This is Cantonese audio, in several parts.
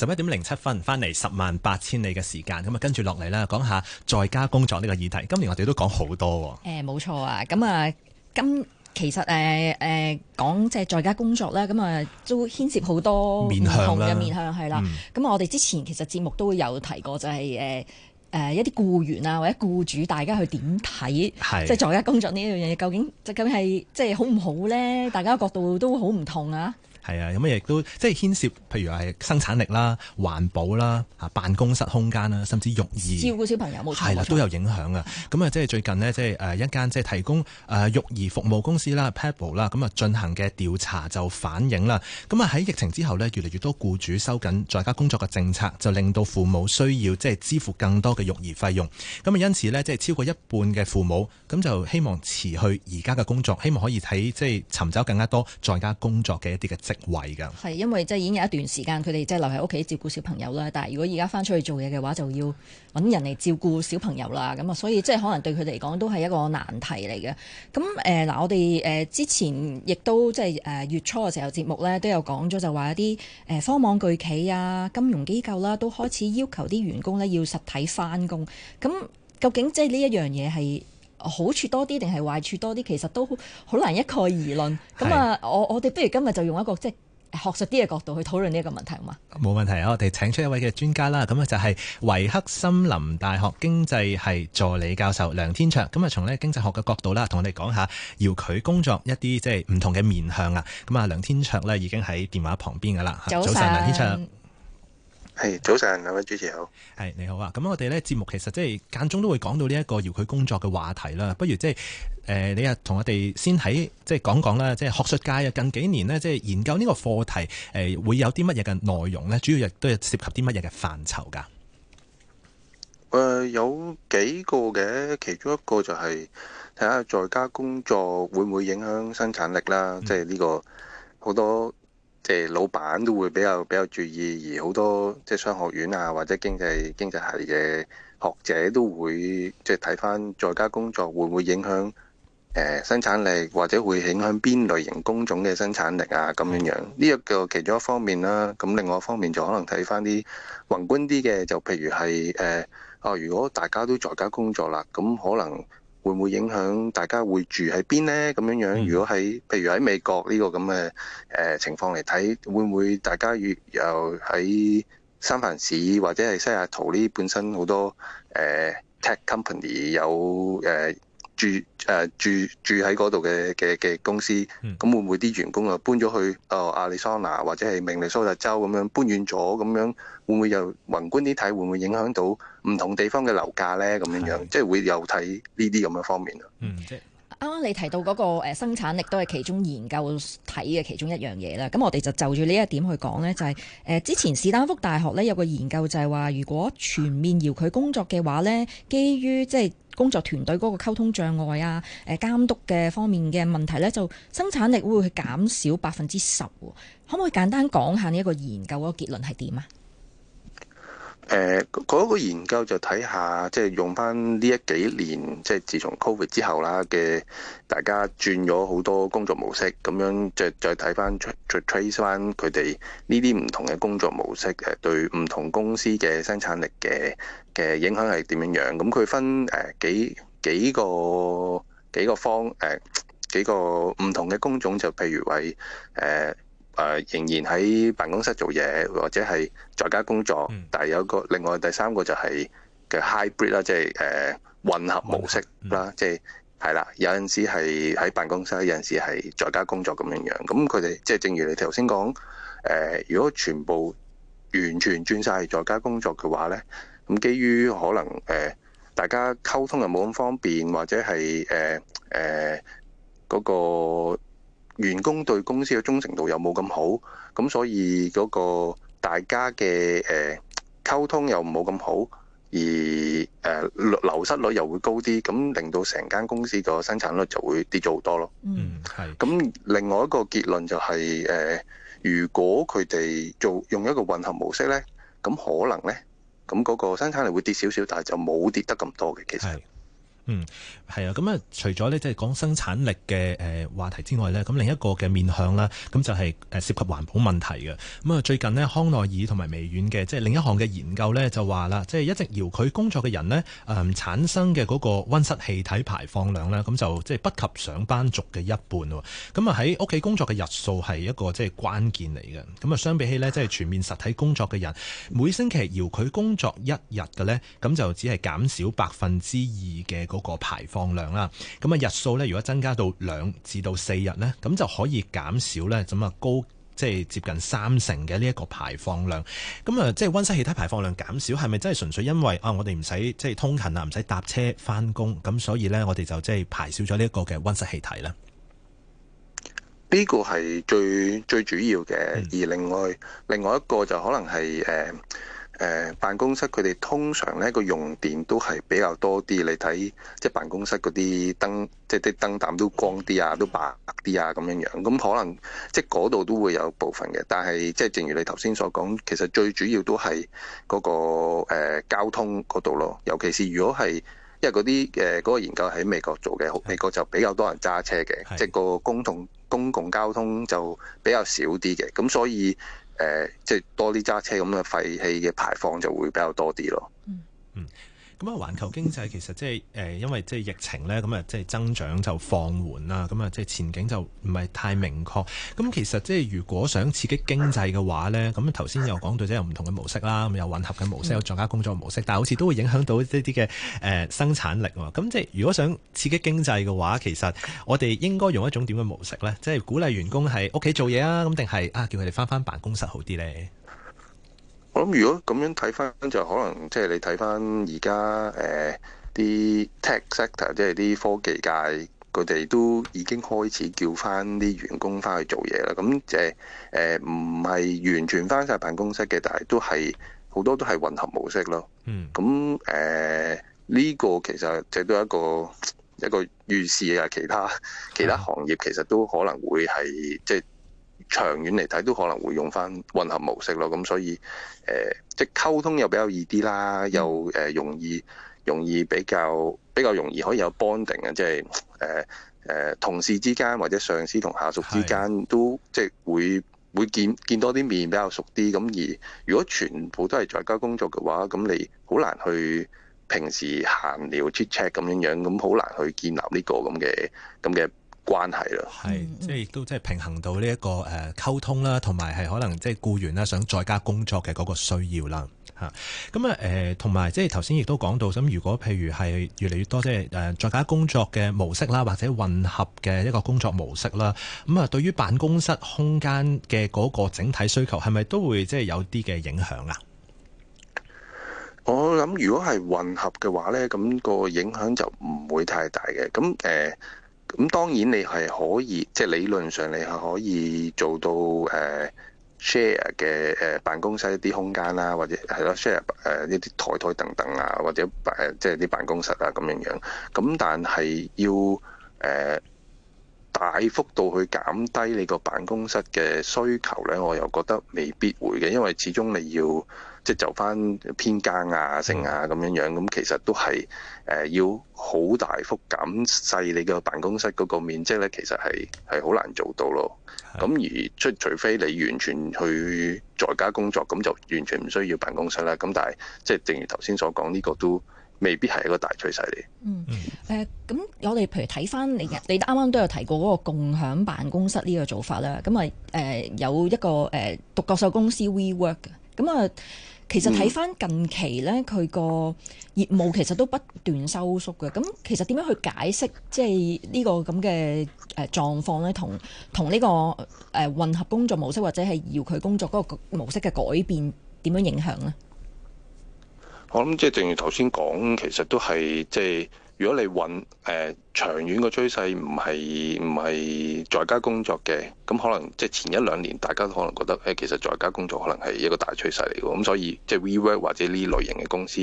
十一點零七分翻嚟十萬八千里嘅時間，咁啊跟住落嚟啦，講下說說在家工作呢個議題。今年我哋都講好多喎。嗯，冇錯啊。咁啊，今其實誒誒講即係在家工作啦，咁啊都牽涉好多唔同嘅面向，面向係啦。咁啊，嗯，我哋之前其實節目都會有提過，就係誒誒一啲僱員啊或者僱主，大家去點睇？係，即係在家工作呢一樣嘢，究竟即係咁係即係好唔好咧？大家角度都好唔同啊。係啊，有咩亦都即係牽涉，譬如係生產力啦、環保啦、嚇、啊、辦公室空間啦，甚至育兒照顧小朋友，冇錯，係啦、啊，錯都有影響啊！咁啊錯，即係最近呢，即係誒一間即係提供誒育兒服務公司啦，Pebble 啦，咁啊進行嘅調查就反映啦。咁啊喺疫情之後呢，越嚟越多僱主收緊在家工作嘅政策，就令到父母需要即係支付更多嘅育兒費用。咁啊，因此呢，即係超過一半嘅父母咁就希望辭去而家嘅工作，希望可以喺即係尋找更加多在家工作嘅一啲嘅職。圍噶，係因為即係已經有一段時間，佢哋即係留喺屋企照顧小朋友啦。但係如果而家翻出去做嘢嘅話，就要揾人嚟照顧小朋友啦。咁啊，所以即係可能對佢嚟講都係一個難題嚟嘅。咁誒嗱，我哋誒、呃、之前亦都即係誒、呃、月初嘅時候節目咧，都有講咗就話一啲誒科網巨企啊、金融機構啦、啊，都開始要求啲員工咧要實體翻工。咁究竟即係呢一樣嘢係？好處多啲定係壞處多啲，其實都好好難一概而論。咁是啊，我我哋不如今日就用一個即係、就是、學術啲嘅角度去討論呢一個問題，好嘛？冇問題啊！我哋請出一位嘅專家啦，咁啊就係維克森林大學經濟系助理教授梁天卓。咁啊，從呢經濟學嘅角度啦，同我哋講下要佢工作一啲即係唔同嘅面向啊。咁啊，梁天卓呢，已經喺電話旁邊噶啦。早晨上，梁天卓。係早晨，兩位主持好。係你好啊，咁我哋咧節目其實即係間中都會講到呢一個遙距工作嘅話題啦。不如即係誒，你啊同我哋先喺即係講講啦，即係學術界啊近幾年咧，即係研究呢個課題誒會有啲乜嘢嘅內容咧？主要亦都係涉及啲乜嘢嘅範疇噶？誒，有幾個嘅，其中一個就係睇下在家工作會唔會影響生產力啦。嗯。即係呢個好多。誒，老闆都會比較比較注意，而好多即係、就是、商學院啊，或者經濟經濟系嘅學者都會即係睇返在家工作會唔會影響誒、呃、生產力，或者會影響邊類型工種嘅生產力啊，咁樣樣，呢個其中一方面啦、啊。咁另外一方面就可能睇返啲宏觀啲嘅，就譬如係誒啊，如果大家都在家工作啦，咁可能。會唔會影響大家會住喺邊呢？咁樣樣，如果喺譬如喺美國呢個咁嘅誒情況嚟睇，會唔會大家越又喺三藩市或者係西雅圖呢？本身好多誒、呃、tech company 有誒。呃住誒、呃、住住喺嗰度嘅嘅嘅公司，咁、嗯、會唔會啲員工啊搬咗去哦、呃、亞利桑那或者係明尼蘇達州咁樣搬遠咗咁樣，會唔會又宏觀啲睇會唔會影響到唔同地方嘅樓價咧？咁樣樣是即係會有睇呢啲咁嘅方面嗯，即啱啱你提到嗰個生產力都係其中研究睇嘅其中一樣嘢啦。咁我哋就就住呢一點去講咧、就是，就係誒之前史丹福大學咧有個研究就係話，如果全面遙距工作嘅話咧，基於即係。即工作團隊嗰個溝通障礙啊，誒監督嘅方面嘅問題呢，就生產力會，會減少百分之十喎。可唔可以簡單講下呢一個研究嗰個結論係點啊？誒嗰、呃那個研究就睇下，即係用翻呢一幾年，即係自從 Covid 之後啦嘅，大家轉咗好多工作模式，咁樣再再睇翻，再再 trace 翻佢哋呢啲唔同嘅工作模式誒對唔同公司嘅生產力嘅嘅影響係點樣樣？咁佢分誒幾幾個幾個方誒、呃、幾個唔同嘅工種，就譬如話誒。呃誒、呃、仍然喺辦公室做嘢，或者係在家工作。嗯、但係有個另外第三個就係嘅 hybrid 啦，即、呃、係混合模式啦。嗯、即係係啦，有陣時係喺辦公室，有陣時係在家工作咁樣樣。咁佢哋即係正如你頭先講誒，如果全部完全轉晒去在家工作嘅話呢，咁基於可能誒、呃、大家溝通又冇咁方便，或者係誒誒嗰個。員工對公司嘅忠誠度又冇咁好，咁所以嗰個大家嘅誒、呃、溝通又冇咁好，而誒、呃、流失率又會高啲，咁令到成間公司個生產率就會跌咗好多咯。嗯，係。咁另外一個結論就係、是、誒、呃，如果佢哋做用一個混合模式咧，咁可能咧，咁嗰個生產力會跌少少，但係就冇跌得咁多嘅其實。嗯，係啊，咁啊，除咗咧即係講生產力嘅誒話題之外咧，咁另一個嘅面向啦，咁就係、是、誒涉及環保問題嘅。咁啊，最近咧康奈爾同埋微軟嘅即係另一項嘅研究咧，就話啦，即係一直遙距工作嘅人咧，誒、呃、產生嘅嗰個温室氣體排放量咧，咁就即係不及上班族嘅一半喎。咁啊，喺屋企工作嘅日數係一個即係關鍵嚟嘅。咁啊，相比起咧，即、就、係、是、全面實體工作嘅人，每星期遙距工作一日嘅咧，咁就只係減少百分之二嘅嗰個排放量啦，咁啊，日數咧，如果增加到兩至到四日咧，咁就可以減少咧，咁啊高即係接近三成嘅呢一個排放量。咁啊，即係溫室氣體排放量減少，係咪真係純粹因為啊，我哋唔使即係通勤啊，唔使搭車返工，咁所以咧，我哋就即係排少咗呢一個嘅溫室氣體咧？呢個係最最主要嘅，嗯、而另外另外一個就可能係誒。呃誒、呃、辦公室佢哋通常咧，個用電都係比較多啲，你睇即係辦公室嗰啲燈，即係啲燈膽都光啲啊，都白啲啊咁樣樣，咁、嗯、可能即係嗰度都會有部分嘅。但係即係正如你頭先所講，其實最主要都係嗰、嗰個、呃、交通嗰度咯，尤其是如果係因為嗰啲誒嗰個研究喺美國做嘅，美國就比較多人揸車嘅，的即係個公共公共交通就比較少啲嘅，咁所以。誒、呃，即係多啲揸車咁嘅廢氣嘅排放就會比較多啲囉、嗯。嗯嗯。咁啊，環球經濟其實即係誒，因為即係疫情咧，咁啊，即係增長就放緩啦，咁啊，即係前景就唔係太明確。咁其實即係如果想刺激經濟嘅話咧，咁頭先又講到即係有唔同嘅模式啦，咁有混合嘅模式，有在家工作模式，但係好似都會影響到呢啲嘅誒生產力喎。咁即係如果想刺激經濟嘅話，其實我哋應該用一種點嘅模式咧？即係鼓勵員工係屋企做嘢啊，咁定係啊，叫佢哋翻翻辦公室好啲咧？我諗如果咁樣睇翻就可能即係你睇翻而家誒啲 tech sector，即係啲科技界佢哋都已經開始叫翻啲員工翻去做嘢啦。咁即係誒唔係完全翻晒辦公室嘅，但係都係好多都係混合模式咯。嗯，咁誒呢個其實就係都一個一個預示啊，其他其他行業其實都可能會係即係。就是長遠嚟睇都可能會用翻混合模式咯，咁所以誒、呃，即係溝通又比較易啲啦，又誒容易容易比較比較容易可以有 bonding。啊、呃，即係誒誒同事之間或者上司同下屬之間是都即係會會見見多啲面比較熟啲，咁而如果全部都係在家工作嘅話，咁你好難去平時閒聊 check 咁樣樣，咁好難去建立呢個咁嘅咁嘅。關係咯，係即係都即係平衡到呢一個誒溝通啦，同埋係可能即係僱員啦，想在家工作嘅嗰個需要啦，吓咁啊誒，同埋即係頭先亦都講到，咁如果譬如係越嚟越多即係誒在家工作嘅模式啦，或者混合嘅一個工作模式啦，咁啊對於辦公室空間嘅嗰個整體需求，係咪都會即係有啲嘅影響啊？我諗如果係混合嘅話咧，咁個影響就唔會太大嘅，咁誒。呃咁當然你係可以，即係理論上你係可以做到誒、呃、share 嘅誒辦公室一啲空間啦，或者係咯、啊、share 誒一啲台台等等啊，或者誒即係啲辦公室啊咁樣樣。咁但係要誒、呃、大幅度去減低你個辦公室嘅需求咧，我又覺得未必會嘅，因為始終你要。即係就翻偏更啊、剩啊咁樣樣，咁其實都係誒、呃、要好大幅減細你個辦公室嗰個面積咧，其實係係好難做到咯。咁的而出除非你完全去在家工作，咁就完全唔需要辦公室啦。咁但係即係正如頭先所講，呢、呢個都未必係一個大趨勢嚟。嗯誒，咁、嗯呃、我哋譬如睇翻你嘅，你啱啱都有提過嗰個共享辦公室呢個做法啦。咁啊誒有一個誒、呃、獨角獸公司 WeWork 咁啊。其實睇返近期呢，佢個業務其實都不斷收縮嘅。咁其實點樣去解釋即係呢個咁嘅誒狀況呢？同同呢個誒混合工作模式或者係遙距工作嗰個模式嘅改變，點樣影響呢？我諗即係正如頭先講，其實都係即係。如果你揾誒、呃、長遠個趨勢唔係唔係在家工作嘅，咁可能即係前一兩年大家都可能覺得誒、欸，其實在家工作可能係一個大趨勢嚟嘅，咁所以即係 WeWork 或者呢類型嘅公司，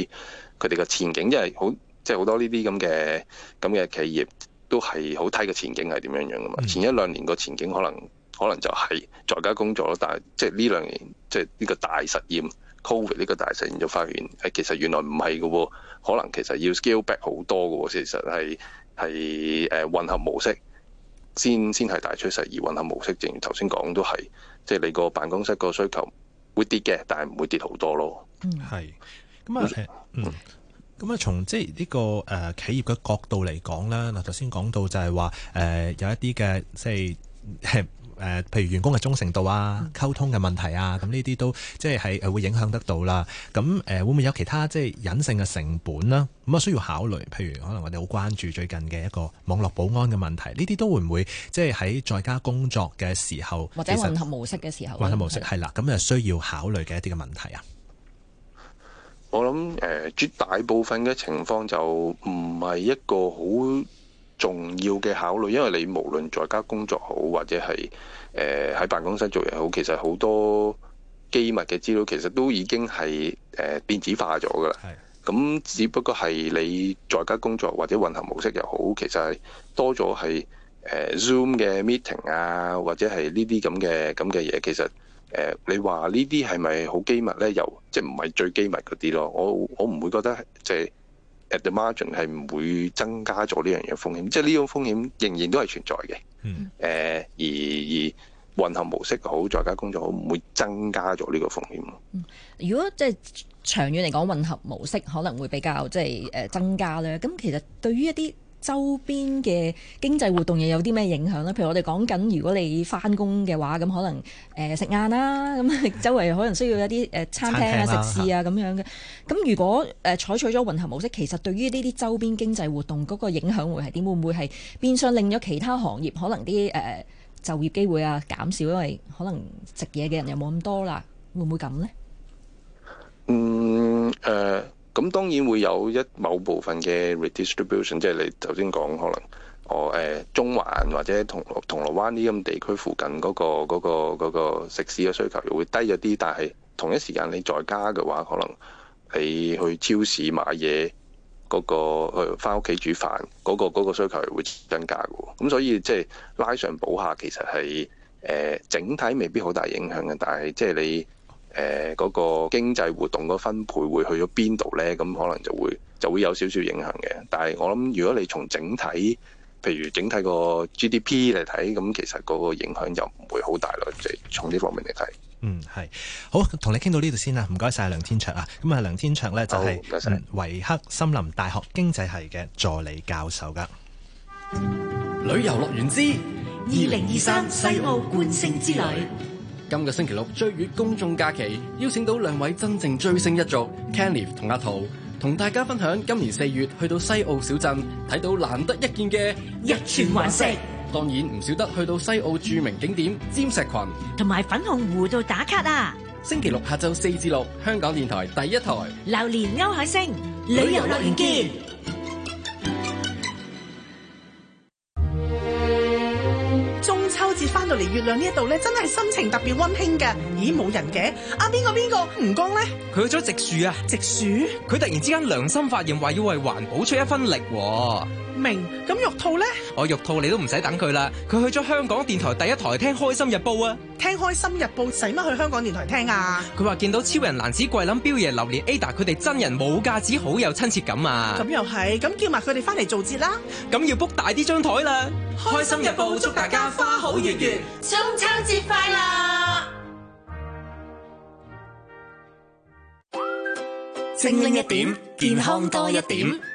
佢哋嘅前景因為好即係好多呢啲咁嘅咁嘅企業都係好睇嘅前景係點樣樣嘅嘛？嗯、前一兩年個前景可能可能就係在家工作咯，但係即係呢兩年即係呢個大實驗。Covid 呢個大實驗就發現誒，其實原來唔係嘅喎，可能其實要 scale back 好多嘅喎，其實係係誒混合模式先先係大趨勢，而混合模式正如頭先講都係，即係你個辦公室個需求會跌嘅，但係唔會跌好多咯。嗯，係。咁啊，嗯，咁啊、嗯嗯，從、嗯嗯、從即係呢、這個誒、呃、企業嘅角度嚟講啦，嗱，頭先講到就係話誒有一啲嘅即係。 誒、呃，譬如員工嘅忠誠度啊，溝通嘅問題啊，咁呢啲都即係係會影響得到啦。咁誒、呃，會唔會有其他即係隱性嘅成本咧？咁、嗯、啊，需要考慮。譬如可能我哋好關注最近嘅一個網絡保安嘅問題，呢啲都會唔會即係喺在，在家工作嘅時候，或者混合模式嘅時候，混合實模式係啦，咁就的需要考慮嘅一啲嘅問題啊。我諗誒，絕、呃、大部分嘅情況就唔係一個好。重要嘅考慮，因為你無論在家工作好，或者係誒喺辦公室做嘢好，其實好多機密嘅資料其實都已經係誒、呃、電子化咗㗎啦。係的，咁只不過係你在家工作或者混合模式又好，其實係多咗係誒 Zoom 嘅 meeting 啊，或者係呢啲咁嘅咁嘅嘢。其實誒、呃，你話呢啲係咪好機密呢？又即係唔係最機密嗰啲咯？我我唔會覺得即、就、係、是。At the margin 係唔會增加咗呢樣嘢風險，即係呢種風險仍然都係存在嘅。誒、嗯呃、而而混合模式好在家工作好，唔會增加咗呢個風險。嗯、如果即係長遠嚟講，混合模式可能會比較即係誒增加咧。咁其實對於一啲周邊嘅經濟活動又有啲咩影響呢？譬如我哋講緊，如果你返工嘅話，咁可能誒食晏啦，咁、呃、周圍可能需要一啲誒、呃、餐廳啊、餐廳食肆啊咁樣嘅。咁如果誒、呃、採取咗混合模式，其實對於呢啲周邊經濟活動嗰、嗰個影響會係點？會唔會係變相令咗其他行業可能啲誒、呃、就業機會啊減少，因為可能食嘢嘅人又冇咁多啦？會唔會咁呢？嗯誒。Uh 咁當然會有一某部分嘅 redistribution，即係你頭先講，可能我誒中環或者銅銅鑼灣呢啲咁地區附近嗰個嗰個嗰個食肆嘅需求又會低咗啲，但係同一時間你在家嘅話，可能你去超市買嘢嗰個去翻屋企煮飯嗰個嗰個需求係會增加嘅喎。咁所以即係拉上補下，其實係誒、呃、整體未必好大影響嘅，但係即係你。誒嗰、呃那個經濟活動個分配會去咗邊度咧？咁可能就會就會有少少影響嘅。但係我諗，如果你從整體，譬如整體個 GDP 嚟睇，咁其實嗰個影響就唔會好大咯。即係從呢方面嚟睇，嗯，係好，同你傾到呢度先啦。唔該晒梁天卓啊。咁啊，梁天卓咧就係、是 oh, thank 嗯、維克森林大學經濟系嘅助理教授㗎。旅遊樂園之二零二三西澳觀星之旅。今個星期六追月公眾假期，邀請到兩位真正追星一族 Kenny 同阿桃，同大家分享今年四月去到西澳小鎮，睇到難得一見嘅日全環食。當然唔少得去到西澳著名景點尖石群同埋粉紅湖度打卡啦，啊。星期六下晝四至六，6，香港電台第一台。流年歐海星旅遊樂園見。旅到嚟月亮呢一度咧，真係心情特別温馨㗎。咦，冇人嘅？啊？邊個邊個吳江咧？佢去咗植樹啊！植樹屬？佢突然之間良心發現，話要為環保出一分力喎。明咁玉兔呢？我玉兔你都唔使等佢啦，佢去咗香港電台第一台聽開心日報啊！聽開心日報使乜去香港電台聽啊？佢話見到超人男子桂林彪爺榴蓮 Ada 佢哋真人冇架子，好有親切感啊！咁、嗯、又係，咁叫埋佢哋翻嚟做節啦！咁要 book 大啲張台啦！開心日報祝大家花好月圓，中秋節快樂！精靈一點，健康多一點。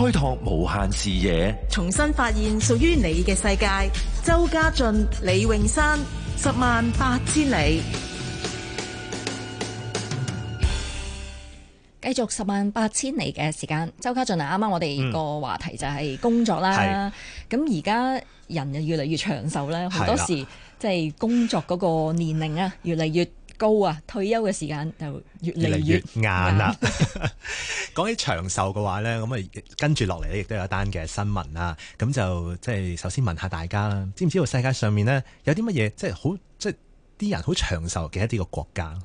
開拓無限視野，重新發現屬於你嘅世界。周家俊、李泳山，十萬八千里。繼續十萬八千里嘅時間。周家俊啊，啱啱我哋個話題就係工作啦。咁而家人就越嚟越長壽咧，好多時即係工作嗰個年齡啊，越嚟越高啊！退休嘅時間就越嚟越，越，越硬啦。講起長壽嘅話呢，咁啊跟住落嚟咧，亦都有一單嘅新聞啊。咁就即係首先問下大家啦，知唔知道世界上面呢有啲乜嘢即係好即係啲人好長壽嘅一啲個國家？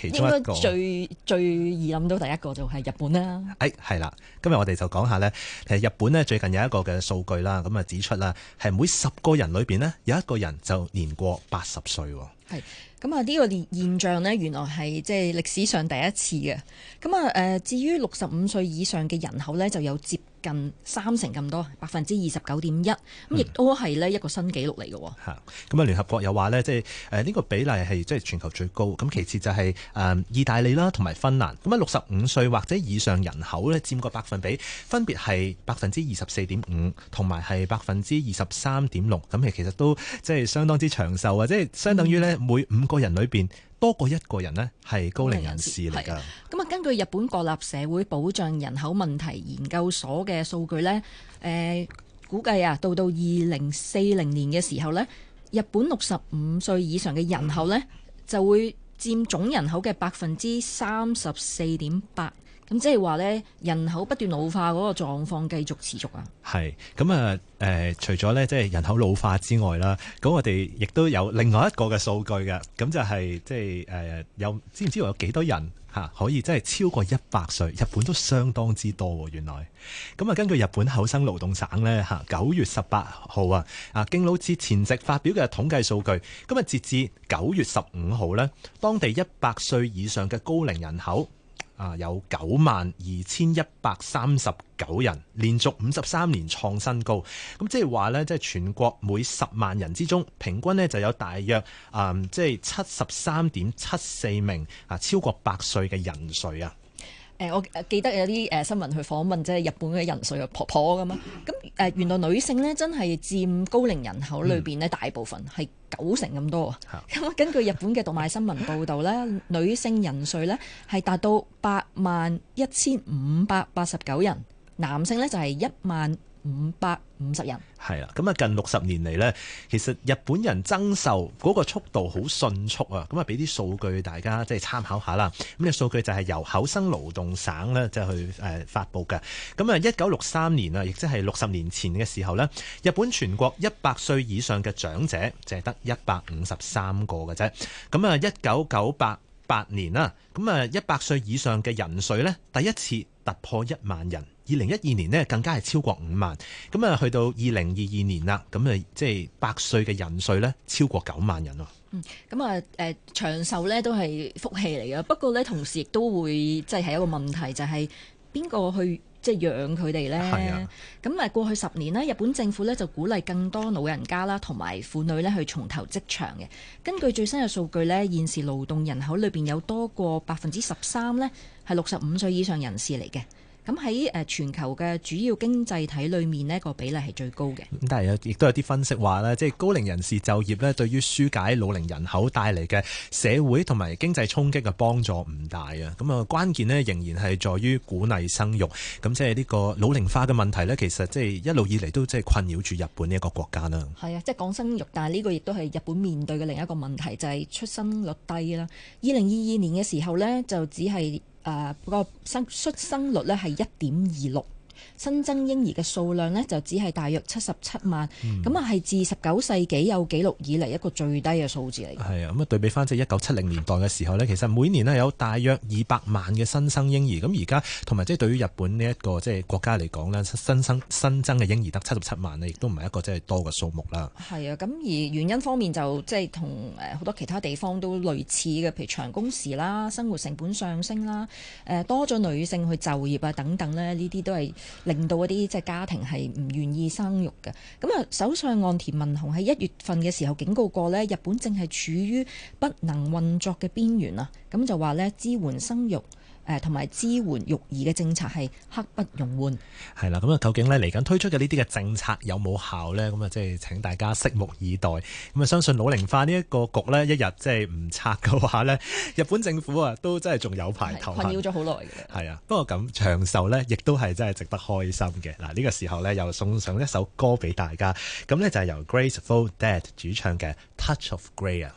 其中一個最最易諗到第一個就係日本啦。誒、哎，係啦，今日我哋就講下呢。其實日本呢，最近有一個嘅數據啦，咁啊指出啦，係每十個人裏邊呢，有一個人就年過八十歲。係咁啊！呢、這個現象呢，原來係即係歷史上第一次嘅。咁啊，誒至於六十五歲以上嘅人口呢，就有接近三成咁多，百分之二十九點一，咁亦都係呢一個新紀錄嚟嘅。嚇、嗯！咁、嗯、啊，聯合國又話呢，即係呢個比例係即係全球最高。咁其次就係誒意大利啦，同埋芬蘭。咁啊，六十五歲或者以上人口呢，佔個百分比分別係百分之二十四點五，同埋係百分之二十三點六。咁其實都即係相當之長壽，啊，即係相當於呢。嗯每五個人裏邊多過一個人咧，係高齡人士嚟噶。咁啊、嗯，根據日本國立社會保障人口問題研究所嘅數據咧，誒、呃、估計啊，到到二零四零年嘅時候咧，日本六十五歲以上嘅人口咧就會佔總人口嘅百分之三十四點八。咁即係話咧，人口不斷老化嗰個狀況繼續持續啊！係咁啊，誒、呃，除咗咧，即係人口老化之外啦，咁我哋亦都有另外一個嘅數據嘅，咁就係、是、即係誒、呃，有知唔知道有幾多人吓、啊、可以即係超過一百歲？日本都相當之多、啊，原來咁啊！根據日本厚生勞動省呢，吓、啊，九月十八號啊啊敬老節前夕發表嘅統計數據，咁、嗯、啊截至九月十五號呢，當地一百歲以上嘅高齡人口。啊，有九萬二千一百三十九人，連續五十三年創新高。咁即係話呢，即係全國每十萬人之中，平均呢就有大約啊，即係七十三點七四名啊，超過百歲嘅人瑞啊！誒、呃，我記得有啲誒、呃、新聞去訪問即係日本嘅人瑞嘅婆婆咁啊，咁誒、呃、原來女性咧真係佔高齡人口裏邊咧大部分係九成咁多啊。咁啊、嗯，根據日本嘅讀賣新聞報道咧， 女性人瑞咧係達到八萬一千五百八十九人，男性咧就係一萬五百五十人，係啦，咁啊近六十年嚟呢，其實日本人增壽嗰個速度好迅速啊，咁啊俾啲數據大家即係參考下啦。咁嘅數據就係由厚生勞動省呢，即係就去誒發佈嘅。咁啊一九六三年啊，亦即係六十年前嘅時候呢，日本全國一百歲以上嘅長者淨係得一百五十三個嘅啫。咁啊一九九八八年啦，咁啊一百歲以上嘅人數呢，第一次突破一萬人。二零一二年呢，更加係超過五萬，咁、嗯、啊，去到二零二二年啦，咁啊，即係百歲嘅人數呢，超過九萬人咯、嗯。嗯，咁、呃、啊，誒長壽呢，都係福氣嚟嘅，不過呢，同時亦都會即係係一個問題，就係邊個去即係養佢哋呢？係啊。咁啊、嗯，過去十年呢，日本政府呢，就鼓勵更多老人家啦，同埋婦女呢，去重投職場嘅。根據最新嘅數據呢，現時勞動人口裏邊有多過百分之十三呢，係六十五歲以上人士嚟嘅。咁喺誒全球嘅主要經濟體裏面，呢個比例係最高嘅。咁但係有，亦都有啲分析話呢，即係高齡人士就業呢，對於疏解老齡人口帶嚟嘅社會同埋經濟衝擊嘅幫助唔大啊。咁啊，關鍵呢仍然係在於鼓勵生育。咁即係呢個老齡化嘅問題呢，其實即係一路以嚟都即係困擾住日本呢一個國家啦。係啊，即係講生育，但係呢個亦都係日本面對嘅另一個問題，就係、是、出生率低啦。二零二二年嘅時候呢，就只係。誒嗰個生出生率咧，係一點二六。新增嬰兒嘅數量呢，就只係大約七十七萬。咁啊、嗯，係自十九世紀有記錄以嚟一個最低嘅數字嚟嘅。係啊，咁啊對比翻即係一九七零年代嘅時候呢，其實每年呢，有大約二百萬嘅新生嬰兒。咁而家同埋即係對於日本呢一個即係國家嚟講呢，新生新增嘅嬰兒得七十七萬呢，亦都唔係一個即係多嘅數目啦。係啊，咁而原因方面就即係同誒好多其他地方都類似嘅，譬如長工時啦、生活成本上升啦、誒多咗女性去就業啊等等呢，呢啲都係。令到嗰啲即係家庭係唔願意生育嘅，咁啊首相岸田文雄喺一月份嘅時候警告過，呢日本正係處於不能運作嘅邊緣啊，咁就話呢支援生育。誒同埋支援育兒嘅政策係刻不容緩。係啦，咁啊，究竟咧嚟緊推出嘅呢啲嘅政策有冇效呢？咁啊，即係請大家拭目以待。咁啊，相信老齡化呢一個局咧，一日即係唔拆嘅話咧，日本政府啊，都真係仲有排頭痕困擾咗好耐嘅。係啊，不過咁長壽呢亦都係真係值得開心嘅。嗱，呢個時候咧，又送上一首歌俾大家。咁呢就係由 Grateful Dead 主唱嘅《Touch of Grey》。